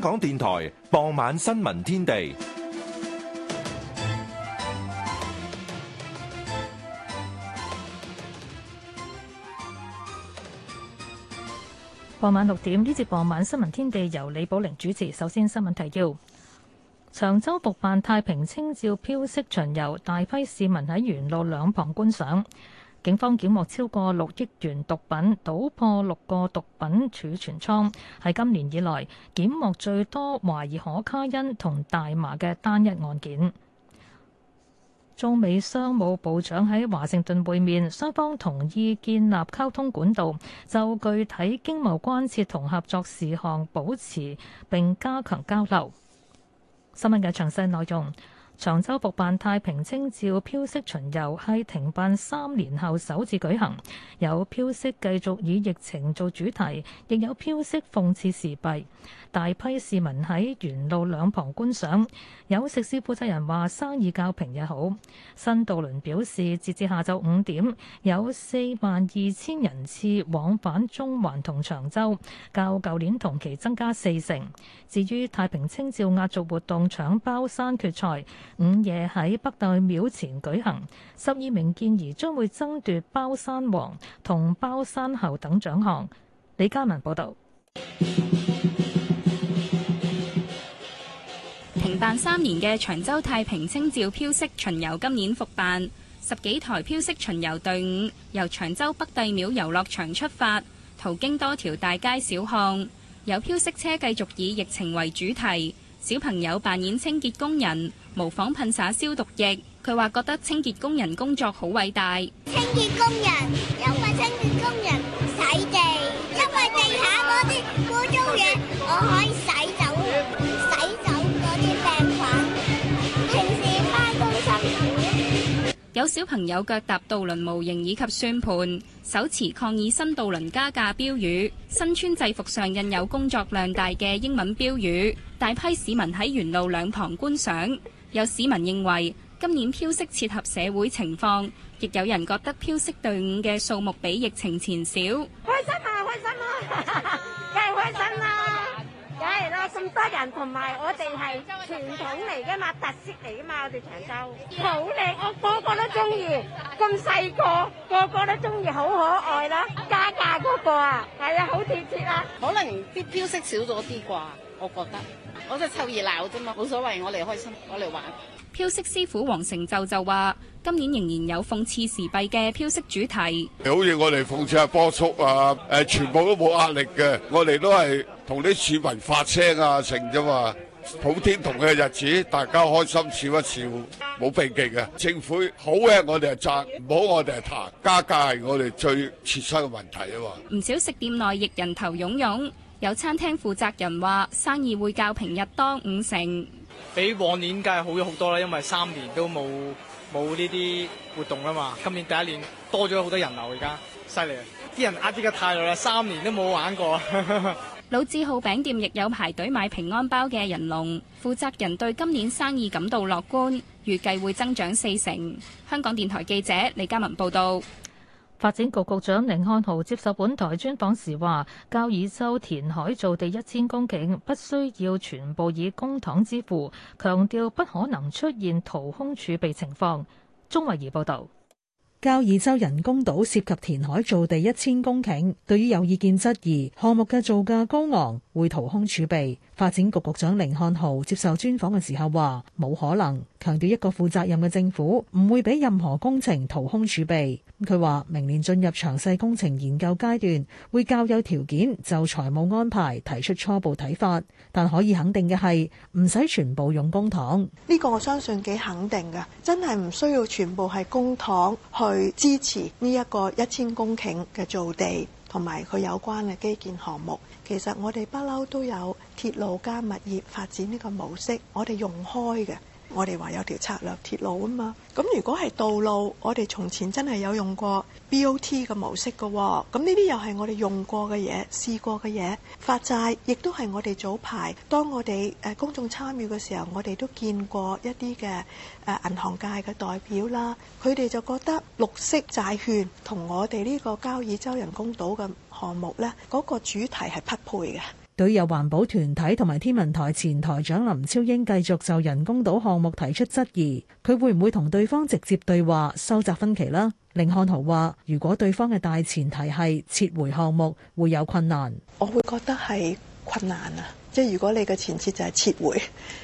香港電台傍晚新聞天地。傍晚六點呢節傍晚新聞天地由李寶玲主持。首先新聞提要：長洲復辦太平清醮飄色巡遊，大批市民喺沿路兩旁觀賞。警方檢獲超過六億元毒品，搗破六個毒品儲存倉，係今年以來檢獲最多懷疑可卡因同大麻嘅單一案件。中美商務部長喺華盛頓會面，雙方同意建立溝通管道，就具體經貿關切同合作事項保持並加強交流。新聞嘅詳細內容。長洲復辦太平清醮、飄色巡遊係停辦三年後首次舉行，有飄色繼續以疫情做主題，亦有飄色諷刺時弊。大批市民喺沿路兩旁觀賞，有食肆負責人話生意較平日好。新渡輪表示，截至下晝五點，有四萬二千人次往返中環同長洲，較舊年同期增加四成。至於太平清醮壓軸活動搶包山決賽。午夜喺北帝廟前舉行，十二名健兒將會爭奪包山王同包山後等獎項。李嘉文報道。停辦三年嘅長洲太平清照飄色巡遊今年復辦，十幾台飄色巡遊隊伍由長洲北帝廟遊樂場出發，途經多條大街小巷，有飄色車繼續以疫情為主題，小朋友扮演清潔工人。模仿噴灑消毒液，佢話覺得清潔工人工作好偉大。清潔工人，因為清潔工人洗地，因為地下嗰啲污糟嘢，我可以洗走，洗走嗰啲病菌。平時翻工辛苦。有小朋友腳踏渡輪模型以及算盤，手持抗議新渡輪加價標語，身穿制服上印有工作量大嘅英文標語。大批市民喺沿路兩旁觀賞。有市民認為今年飄色切合社會情況，亦有人覺得飄色隊伍嘅數目比疫情前少。開心啊！開心啊！梗係 開心啦、啊！梗係啦，咁多人同埋我哋係傳統嚟噶嘛，特色嚟噶嘛，我哋長洲。好靚，我個個都中意。咁細個，個個都中意，好可愛啦！加價嗰個啊，係啊，好貼切啊。可能啲飄色少咗啲啩，我覺得。我就係湊熱鬧啫嘛，冇所謂，我嚟開心，我嚟玩。飄色師傅黃成就就話：今年仍然有諷刺時弊嘅飄色主題。好似我哋諷刺阿波叔啊，誒，全部都冇壓力嘅，我哋都係同啲市民發聲啊，成啫嘛，普天同慶嘅日子，大家開心笑一笑，冇避忌嘅。政府好嘅，好我哋係讚；唔好，我哋係彈。加價係我哋最切身嘅問題啊嘛。唔少食店內亦人頭湧湧。有餐廳負責人話：生意會較平日多五成，比往年梗係好咗好多啦，因為三年都冇冇呢啲活動啦嘛。今年第一年多咗好多人流，而家犀利呀，啲人壓逼得太耐啦，三年都冇玩過。 老字號餅店亦有排隊買平安包嘅人龍，負責人對今年生意感到樂觀，預計會增長四成。香港電台記者李嘉文報道。發展局局長甯漢豪接受本台專訪時話：交椅洲填海造地一千公頃，不需要全部以公帑支付，強調不可能出現掏空儲備情況。鍾慧儀報導。交椅洲人工島涉及填海造地一千公頃，對於有意見質疑項目嘅造價高昂會掏空儲備，發展局局長甯漢豪接受專訪嘅時候話：冇可能，強調一個負責任嘅政府唔會俾任何工程掏空儲備。佢話：明年進入詳細工程研究階段，會較有條件就財務安排提出初步睇法，但可以肯定嘅係，唔使全部用公帑。呢個我相信幾肯定㗎，真係唔需要全部係公帑去支持呢一個一千公頃嘅造地同埋佢有關嘅基建項目。其實我哋不嬲都有鐵路加物業發展呢個模式，我哋用開㗎。我哋話有條策略鐵路啊嘛，咁如果係道路，我哋從前真係有用過 BOT 嘅模式嘅喎、哦，咁呢啲又係我哋用過嘅嘢、試過嘅嘢，發債亦都係我哋早排當我哋誒、呃、公眾參與嘅時候，我哋都見過一啲嘅誒銀行界嘅代表啦，佢哋就覺得綠色債券同我哋呢個交椅洲人工島嘅項目呢，嗰、那個主題係匹配嘅。旅遊環保團體同埋天文台前台長林超英繼續就人工島項目提出質疑，佢會唔會同對方直接對話，收窄分歧呢？甯漢豪話：如果對方嘅大前提係撤回項目，會有困難，我會覺得係困難啊。即係如果你嘅前設就係撤回，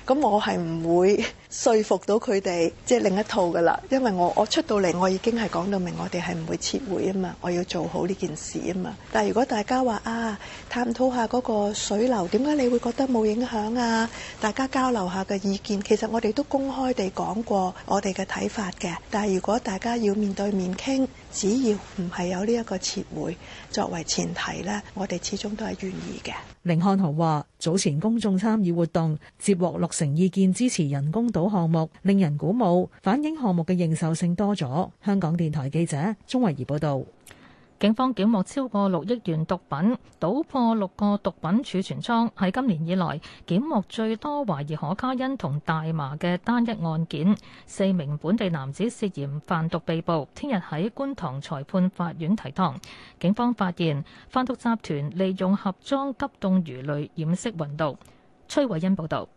咁我係唔會說服到佢哋即係另一套噶啦，因為我我出到嚟，我已經係講到明，我哋係唔會撤回啊嘛，我要做好呢件事啊嘛。但係如果大家話啊，探討下嗰個水流點解你會覺得冇影響啊，大家交流下嘅意見，其實我哋都公開地講過我哋嘅睇法嘅。但係如果大家要面對面傾，只要唔係有呢一個撤回作為前提呢，我哋始終都係願意嘅。甯漢豪話。早前公眾參與活動，接獲六成意見支持人工島項目，令人鼓舞，反映項目嘅認受性多咗。香港電台記者鍾慧儀報道。警方檢獲超過六億元毒品，搗破六個毒品儲存倉，係今年以來檢獲最多懷疑可卡因同大麻嘅單一案件。四名本地男子涉嫌販毒被捕，聽日喺觀塘裁判法院提堂。警方發現販毒集團利用盒裝急凍魚類掩飾運毒。崔偉恩報道。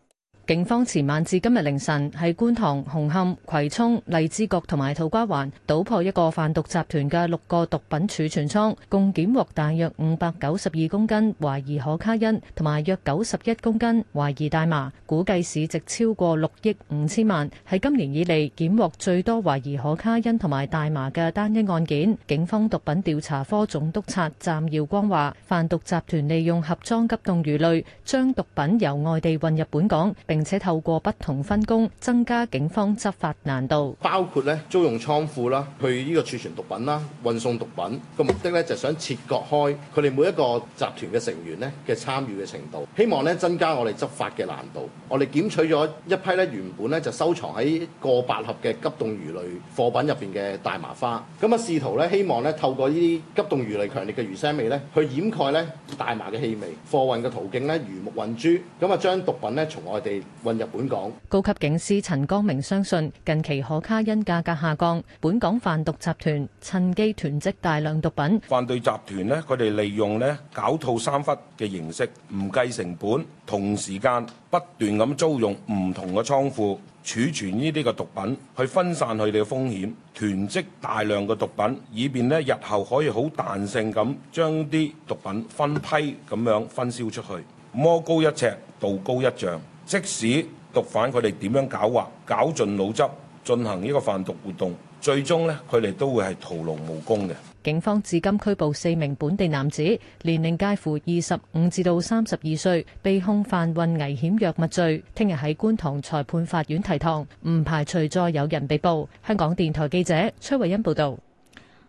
警方前晚至今日凌晨，喺觀塘、紅磡、葵涌、荔枝角同埋土瓜灣搗破一個販毒集團嘅六個毒品儲存倉，共檢獲大約五百九十二公斤懷疑可卡因同埋約九十一公斤懷疑大麻，估計市值超過六億五千萬，係今年以嚟檢獲最多懷疑可卡因同埋大麻嘅單一案件。警方毒品調查科總督察湛耀光話，販毒集團利用盒裝急凍魚類將毒品由外地運入本港，並並且透過不同分工，增加警方執法難度。包括咧租用倉庫啦，去呢個儲存毒品啦、運送毒品。個目的咧就想切割開佢哋每一個集團嘅成員咧嘅參與嘅程度，希望咧增加我哋執法嘅難度。我哋檢取咗一批咧原本咧就收藏喺過百盒嘅急凍魚類貨品入邊嘅大麻花，咁啊試圖咧希望咧透過呢啲急凍魚類強烈嘅魚腥味咧，去掩蓋咧大麻嘅氣味。貨運嘅途徑咧，魚目混珠，咁啊將毒品咧從外地混入本港。高級警司陳光明相信，近期可卡因價格下降，本港販毒集團趁機囤積大量毒品。犯罪集團呢，佢哋利用咧狡兔三窟嘅形式，唔計成本，同時間不斷咁租用唔同嘅倉庫儲存呢啲嘅毒品，去分散佢哋嘅風險，囤積大量嘅毒品，以便呢日後可以好彈性咁將啲毒品分批咁樣分銷出去。魔高一尺，道高一丈。即使毒販佢哋點樣狡猾，搞盡腦汁，進行呢個販毒活動，最終呢，佢哋都會係徒勞無功嘅。警方至今拘捕四名本地男子，年齡介乎二十五至到三十二歲，被控販運危險藥物罪，聽日喺觀塘裁判法院提堂，唔排除再有人被捕。香港電台記者崔慧欣報道。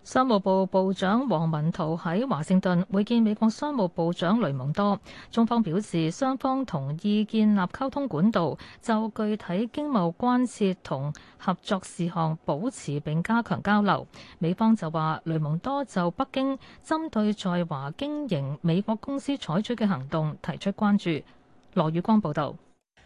商務部部長王文濤喺華盛頓會見美國商務部長雷蒙多。中方表示，雙方同意建立溝通管道，就具體經貿關切同合作事項保持並加強交流。美方就話，雷蒙多就北京針對在華經營美國公司採取嘅行動提出關注。羅宇光報道。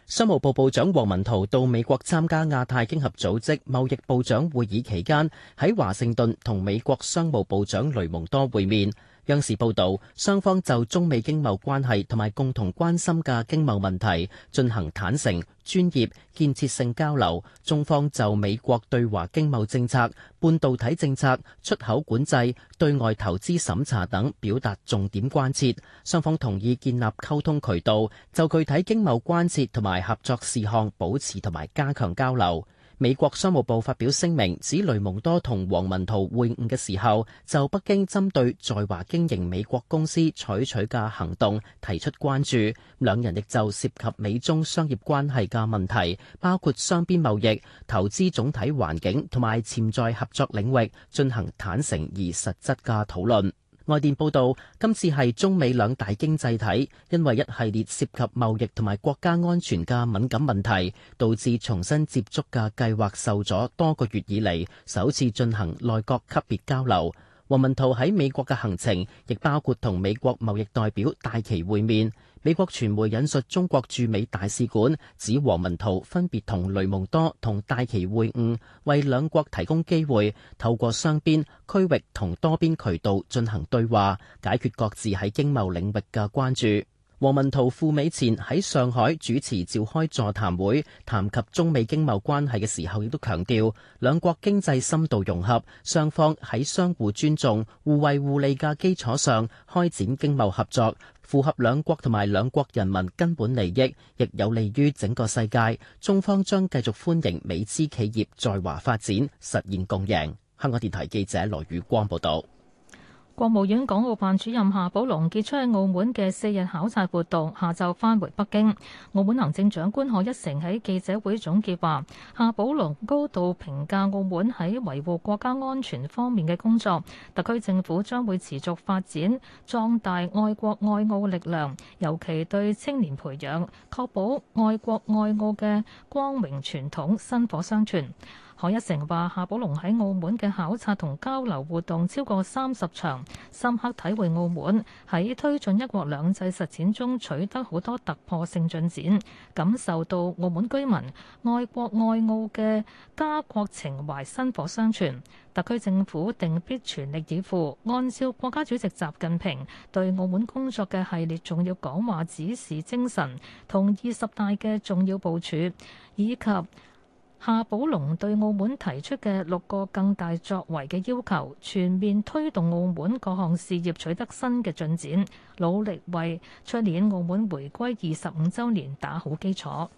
商務部部長王文濤到美國參加亞太經合組織貿易部長會議期間，喺華盛頓同美國商務部長雷蒙多會面。央視報道，雙方就中美經貿關係同埋共同關心嘅經貿問題進行坦誠、專業、建設性交流。中方就美國對華經貿政策、半導體政策、出口管制、對外投資審查等表達重點關切。雙方同意建立溝通渠道，就具體經貿關切同埋合作事項保持同埋加強交流。美國商務部發表聲明，指雷蒙多同王文濤會晤嘅時候，就北京針對在華經營美國公司採取嘅行動提出關注。兩人亦就涉及美中商業關係嘅問題，包括雙邊貿易、投資總體環境同埋潛在合作領域進行坦誠而實質嘅討論。外電報道，今次係中美兩大經濟體因為一系列涉及貿易同埋國家安全嘅敏感問題，導致重新接觸嘅計劃受阻多個月以嚟，首次進行內閣級別交流。黃文濤喺美國嘅行程，亦包括同美國貿易代表戴琪會面。美國傳媒引述中國駐美大使館指，黃文濤分別同雷蒙多同戴奇會晤，為兩國提供機會透過雙邊、區域同多邊渠道進行對話，解決各自喺經貿領域嘅關注。黃文濤赴美前喺上海主持召開座談會，談及中美經貿關係嘅時候強調，亦都強調兩國經濟深度融合，雙方喺相互尊重、互惠互利嘅基礎上開展經貿合作。符合兩國同埋兩國人民根本利益，亦有利於整個世界。中方將繼續歡迎美資企業在華發展，實現共贏。香港電台記者羅宇光報導。國務院港澳辦主任夏寶龍結束喺澳門嘅四日考察活動，下晝返回北京。澳門行政長官賀一誠喺記者會總結話：夏寶龍高度評價澳門喺維護國家安全方面嘅工作，特區政府將會持續發展壯大愛國愛澳力量，尤其對青年培養，確保愛國愛澳嘅光榮傳統薪火相傳。賀一誠話夏寶龍喺澳門嘅考察同交流活動超過三十場，深刻體會澳門喺推進一國兩制實踐中取得好多突破性進展，感受到澳門居民愛國愛澳嘅家國情懷薪火相傳，特區政府定必全力以赴，按照國家主席習近平對澳門工作嘅系列重要講話指示精神，同二十大嘅重要部署，以及夏寶龍對澳門提出嘅六個更大作為嘅要求，全面推動澳門各項事業取得新嘅進展，努力為出年澳門回歸二十五週年打好基礎。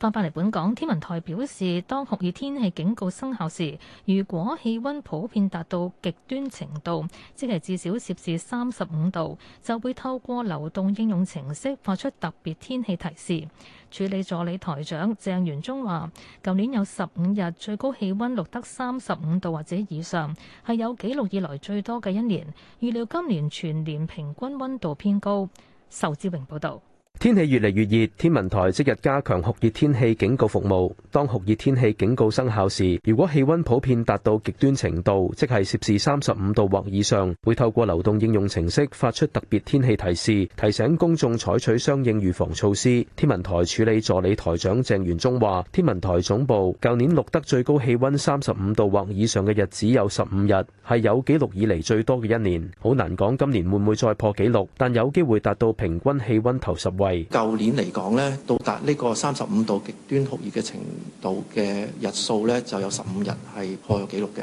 翻返嚟本港天文台表示，當酷熱天氣警告生效時，如果氣溫普遍達到極端程度，即係至少攝氏三十五度，就會透過流動應用程式發出特別天氣提示。處理助理台長鄭元忠話舊年有十五日最高氣溫錄得三十五度或者以上，係有紀錄以來最多嘅一年。預料今年全年平均溫度偏高。仇志榮報道。天氣越嚟越熱，天文台即日加強酷熱天氣警告服務。當酷熱天氣警告生效時，如果氣溫普遍達到極端程度，即係攝氏三十五度或以上，會透過流動應用程式發出特別天氣提示，提醒公眾採取相應預防措施。天文台處理助理台長鄭元忠話，天文台總部舊年錄得最高氣溫三十五度或以上嘅日子有十五日，係有紀錄以嚟最多嘅一年。好難講今年會唔會再破紀錄，但有機會達到平均氣溫頭十位。係舊年嚟講咧，到達到呢個三十五度極端酷熱嘅程度嘅日數咧，就有十五日係破咗紀錄嘅。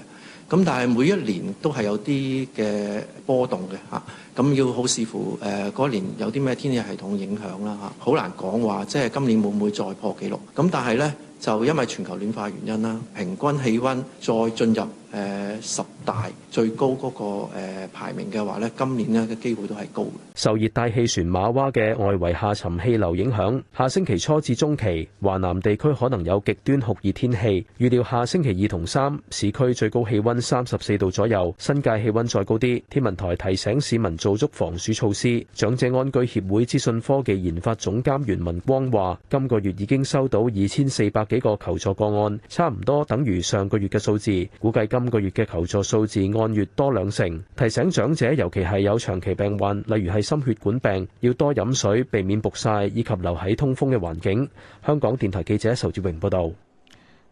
咁但係每一年都係有啲嘅波動嘅嚇，咁、啊、要好視乎誒嗰、呃、年有啲咩天氣系統影響啦嚇，好、啊、難講話即係今年會唔會再破紀錄。咁但係咧就因為全球暖化原因啦，平均氣温再進入，誒十大最高嗰個誒排名嘅話咧，今年咧嘅機會都係高。受熱帶氣旋瑪娃嘅外圍下沉氣流影響，下星期初至中期，華南地區可能有極端酷熱天氣。預料下星期二同三，市區最高氣温三十四度左右，新界氣温再高啲。天文台提醒市民做足防暑措施。長者安居協會資訊科技研發總監袁文光話，今個月已經收到二千四百幾個求助個案，差唔多等於上個月嘅數字，估計今今個月嘅求助數字按月多兩成，提醒長者尤其係有長期病患，例如係心血管病，要多飲水，避免曝曬，以及留喺通風嘅環境。香港電台記者仇志榮報道。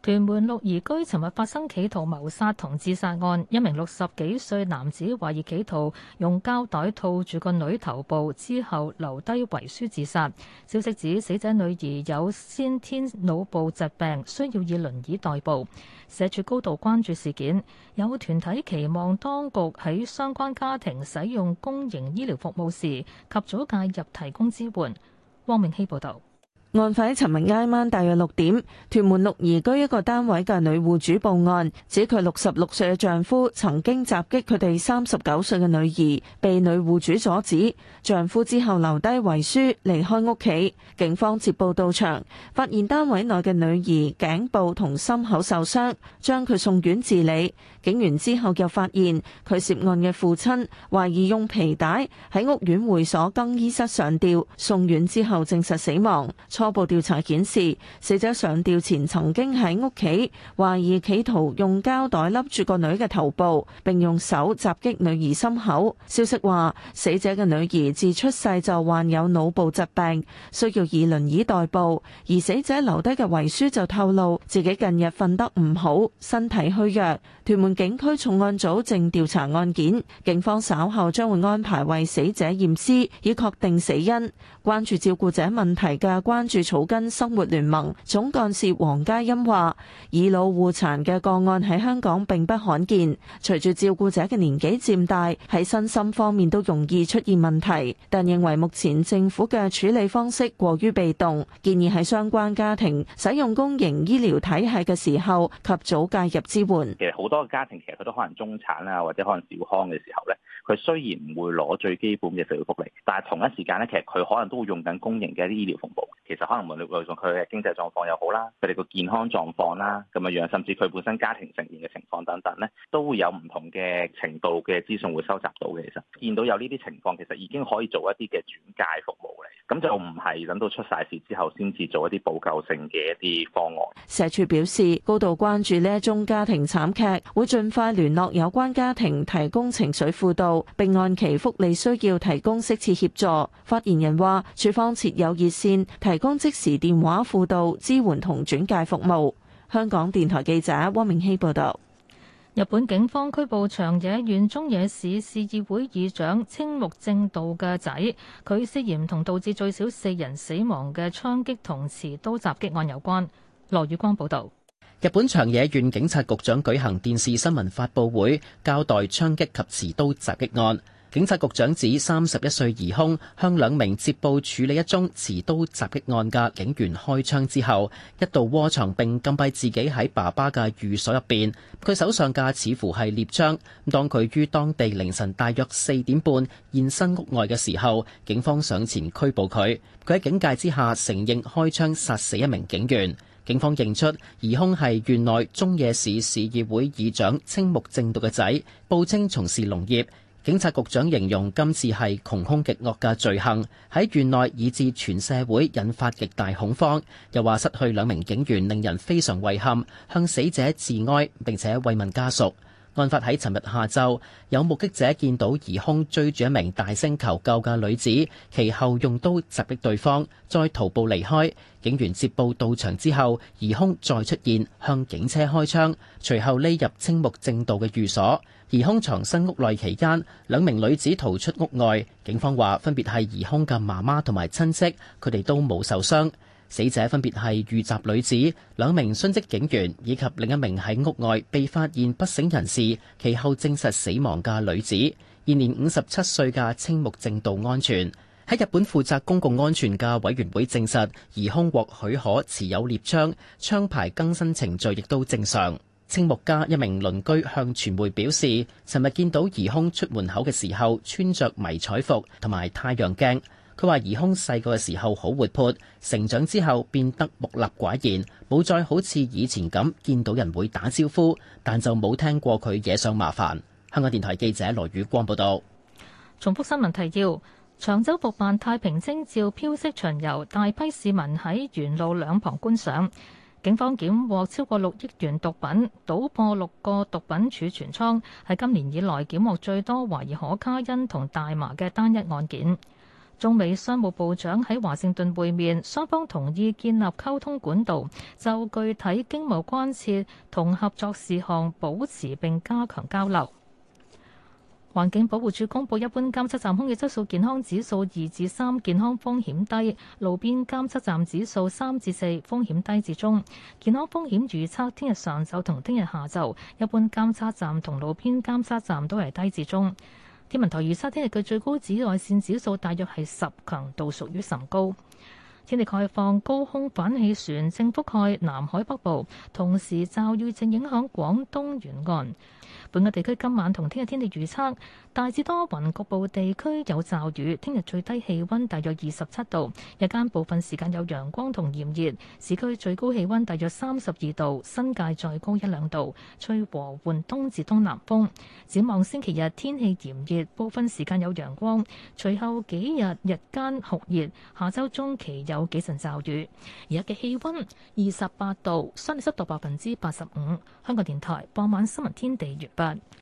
屯門鹿兒居尋日發生企圖謀殺同自殺案，一名六十幾歲男子懷疑企圖用膠袋套住個女頭部，之後留低遺書自殺。消息指死者女兒有先天腦部疾病，需要以輪椅代步。社署高度關注事件，有團體期望當局喺相關家庭使用公營醫療服務時及早介入，提供支援。汪明希報道。案發喺尋日挨晚大約六點，屯門鹿怡居一個單位嘅女戶主報案，指佢六十六歲嘅丈夫曾經襲擊佢哋三十九歲嘅女兒，被女戶主阻止，丈夫之後留低遺書離開屋企，警方接報到場，發現單位內嘅女兒頸部同心口受傷，將佢送院治理。警員之後又發現佢涉案嘅父親，懷疑用皮帶喺屋苑會所更衣室上吊，送院之後證實死亡。初步調查顯示，死者上吊前曾經喺屋企，懷疑企圖用膠袋笠住個女嘅頭部，並用手襲擊女兒心口。消息話，死者嘅女兒自出世就患有腦部疾病，需要以輪椅代步。而死者留低嘅遺書就透露，自己近日瞓得唔好，身體虛弱。屯門警區重案組正調查案件，警方稍後將會安排為死者驗屍，以確定死因。關注照顧者問題嘅關注住草根生活聯盟總幹事黃嘉欣話，以老護殘嘅個案喺香港並不罕見。隨住照顧者嘅年紀漸大，喺身心方面都容易出現問題。但認為目前政府嘅處理方式過於被動，建議喺相關家庭使用公營醫療體系嘅時候及早介入支援。其實好多家庭其實佢都可能中產啊或者可能小康嘅時候咧，佢雖然唔會攞最基本嘅社會福利，但係同一時間咧，其實佢可能都會用緊公營嘅一啲醫療服務。其實可能無論佢嘅經濟狀況又好啦，佢哋個健康狀況啦，咁樣樣，甚至佢本身家庭成員嘅情況等等呢，都會有唔同嘅程度嘅資訊會收集到嘅。其實見到有呢啲情況，其實已經可以做一啲嘅轉介服務嚟，咁就唔係等到出晒事之後先至做一啲補救性嘅一啲方案。社署表示高度關注呢一宗家庭慘劇，會盡快聯絡有關家庭提供情緒輔導，並按其福利需要提供適切協助。發言人話，署方設有熱線提。方即時電話輔導支援同轉介服務。香港電台記者汪明熙報道。日本警方拘捕長野縣中野市市議會議長青木正道嘅仔，佢涉嫌同導致最少四人死亡嘅槍擊同持刀襲擊案有關。羅宇光報道。日本長野縣警察局長舉行電視新聞發布會，交代槍擊及持刀襲擊案。警察局長指，三十一歲疑凶向兩名接報處理一宗持刀襲擊案嘅警員開槍之後，一度窩藏並禁閉自己喺爸爸嘅寓所入邊。佢手上架似乎係獵槍。當佢於當地凌晨大約四點半現身屋外嘅時候，警方上前拘捕佢。佢喺警戒之下承認開槍殺死一名警員。警方認出疑凶係原來中野市市議會議長青木正道嘅仔，報稱從事農業。警察局長形容今次係窮兇極惡嘅罪行，喺院內以至全社會引發極大恐慌。又話失去兩名警員令人非常遺憾，向死者致哀並且慰問家屬。案發喺尋日下晝，有目擊者見到疑兇追住一名大聲求救嘅女子，其後用刀襲擊對方，再徒步離開。警員接報到場之後，疑兇再出現，向警車開槍，隨後匿入青木正道嘅寓所。疑兇藏身屋內期間，兩名女子逃出屋外。警方話，分別係疑兇嘅媽媽同埋親戚，佢哋都冇受傷。死者分別係遇襲女子、兩名殉職警員以及另一名喺屋外被發現不省人事，其後證實死亡嘅女子。現年五十七歲嘅青木正道安全喺日本負責公共安全嘅委員會證實，疑兇獲許可持有獵槍，槍牌更新程序亦都正常。青木家一名鄰居向傳媒表示，尋日見到疑兇出門口嘅時候，穿着迷彩服同埋太陽鏡。佢話：疑兇細個嘅時候好活潑，成長之後變得木訥寡言，冇再好似以前咁見到人會打招呼。但就冇聽過佢惹上麻煩。香港電台記者羅宇光報道，重複新聞提要：長洲復辦太平清醮飄色巡遊，大批市民喺沿路兩旁觀賞。警方檢獲超過六億元毒品，搗破六個毒品儲存倉，係今年以來檢獲最多懷疑可卡因同大麻嘅單一案件。中美商務部長喺華盛頓會面，雙方同意建立溝通管道，就具體經貿關切同合作事項保持並加強交流。環境保護署公佈，一般監測站空氣質素健康指數二至三，健康風險低；路邊監測站指數三至四，風險低至中。健康風險預測，聽日上晝同聽日下晝，一般監測站同路邊監測站都係低至中。天文台預測聽日嘅最高紫外線指數大約係十，強度屬於甚高。天氣概況，高空反氣旋正覆蓋南海北部，同時驟雨正影響廣東沿岸。本港地區今晚同聽日天氣預測，大致多雲，局部地區有驟雨。聽日最低氣温大約二十七度，日間部分時間有陽光同炎熱。市區最高氣温大約三十二度，新界再高一兩度，吹和緩東至東南風。展望星期日天氣炎熱，部分時間有陽光，隨後幾日日間酷熱，下周中期日有幾陣驟雨，而家嘅氣温二十八度，相對濕度百分之八十五。香港電台傍晚新聞天地，完畢。